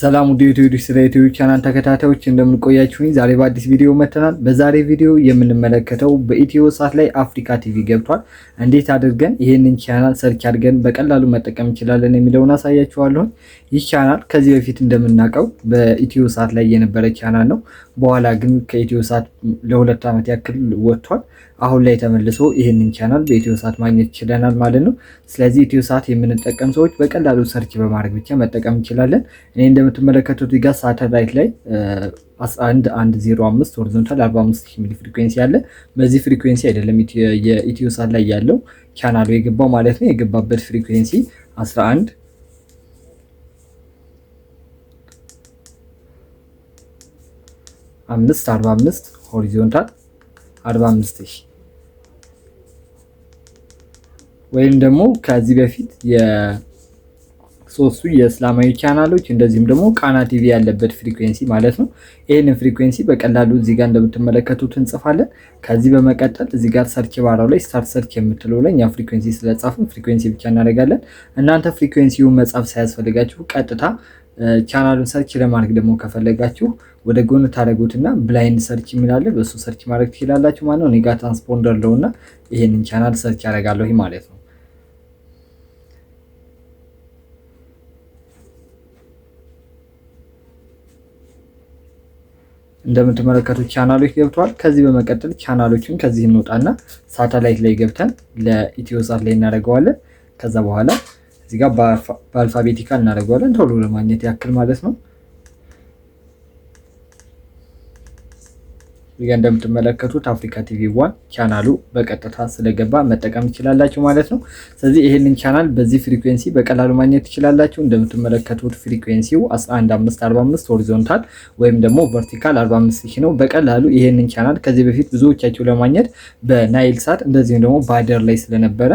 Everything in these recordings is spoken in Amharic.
ሰላም ውድ ዩቲዩብ ስለ ዩቲዩብ ቻናል ተከታታዮች እንደምንቆያችሁኝ ዛሬ በአዲስ ቪዲዮ መተናል። በዛሬ ቪዲዮ የምንመለከተው በኢትዮ ሳት ላይ አፍሪካ ቲቪ ገብቷል፣ እንዴት አድርገን ይህንን ቻናል ሰርች አድርገን በቀላሉ መጠቀም እንችላለን የሚለውን አሳያችኋለሁኝ። ይህ ቻናል ከዚህ በፊት እንደምናውቀው በኢትዮ ሳት ላይ የነበረ ቻናል ነው። በኋላ ግን ከኢትዮ ሳት ለሁለት ዓመት ያክል ወጥቷል። አሁን ላይ ተመልሶ ይህንን ቻናል በኢትዮ ሳት ማግኘት ችለናል ማለት ነው። ስለዚህ ኢትዮ ሳት የምንጠቀም ሰዎች በቀላሉ ሰርች በማድረግ ብቻ መጠቀም እንችላለን። እኔ የምትመለከቱት ጋር ሳተላይት ላይ 11105 ሆሪዞንታል 45 ሚሊ ፍሪኩዌንሲ አለ። በዚህ ፍሪኩዌንሲ አይደለም የኢትዮሳት ላይ ያለው ቻናሉ የገባው ማለት ነው። የገባበት ፍሪኩዌንሲ 11 አምስት 45 ሆሪዞንታል 45 ወይም ደግሞ ከዚህ በፊት ሶስቱ የእስላማዊ ቻናሎች እንደዚሁም ደግሞ ቃና ቲቪ ያለበት ፍሪኩዌንሲ ማለት ነው። ይህንን ፍሪኩዌንሲ በቀላሉ እዚህ ጋር እንደምትመለከቱት እንጽፋለን። ከዚህ በመቀጠል እዚህ ጋር ሰርች ባራው ላይ ስታርት ሰርች የምትለው ላይ እኛ ፍሪኩዌንሲ ስለጻፍን ፍሪኩዌንሲ ብቻ እናደርጋለን። እናንተ ፍሪኩዌንሲውን መጻፍ ሳያስፈልጋችሁ ቀጥታ ቻናሉን ሰርች ለማድረግ ደግሞ ከፈለጋችሁ ወደ ጎን ታደረጉትና ብላይንድ ሰርች የሚላለ በእሱ ሰርች ማድረግ ትችላላችሁ ማለት ነው። እኔ ጋ ትራንስፖንደር ለውና ይህንን ቻናል ሰርች ያደርጋለሁ ማለት ነው። እንደምትመለከቱት ቻናሎች ገብተዋል። ከዚህ በመቀጠል ቻናሎችን ከዚህ እንውጣና ሳተላይት ላይ ገብተን ለኢትዮሳት ላይ እናደርገዋለን። ከዛ በኋላ እዚህ ጋር በአልፋቤቲካል እናደርገዋለን ቶሎ ለማግኘት ያክል ማለት ነው። እዚጋ እንደምትመለከቱት አፍሪካ ቲቪ ዋን ቻናሉ በቀጥታ ስለገባ መጠቀም ትችላላችሁ ማለት ነው። ስለዚህ ይህንን ቻናል በዚህ ፍሪኩዌንሲ በቀላሉ ማግኘት ትችላላችሁ። እንደምትመለከቱት ፍሪኩዌንሲው 11545 ሆሪዞንታል ወይም ደግሞ ቨርቲካል 45 ነው። በቀላሉ ይህንን ቻናል ከዚህ በፊት ብዙዎቻችሁ ለማግኘት በናይል ሳት እንደዚሁም ደግሞ ባደር ላይ ስለነበረ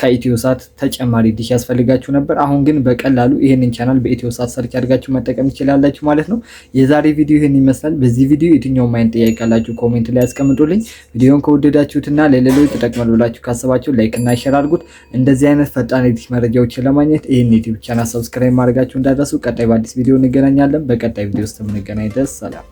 ከኢትዮ ሳት ተጨማሪ ዲሽ ያስፈልጋችሁ ነበር። አሁን ግን በቀላሉ ይህንን ቻናል በኢትዮ ሳት ሰርች አድርጋችሁ መጠቀም ትችላላችሁ ማለት ነው። የዛሬ ቪዲዮ ይህን ይመስላል። በዚህ ቪዲዮ የትኛውም አይነት ጥያቄ ካላችሁ ኮሜንት ላይ ያስቀምጡልኝ። ቪዲዮን ከወደዳችሁትና ለሌሎች ተጠቅመል ብላችሁ ካሰባችሁ ላይክ እና ሼር አድርጉት። እንደዚህ አይነት ፈጣን የዲሽ መረጃዎችን ለማግኘት ይህን ዩቲዩብ ቻናል ሰብስክራይብ ማድረጋችሁ እንዳደረሱ። ቀጣይ በአዲስ ቪዲዮ እንገናኛለን። በቀጣይ ቪዲዮ ውስጥ የምንገናኝ ደስ ሰላም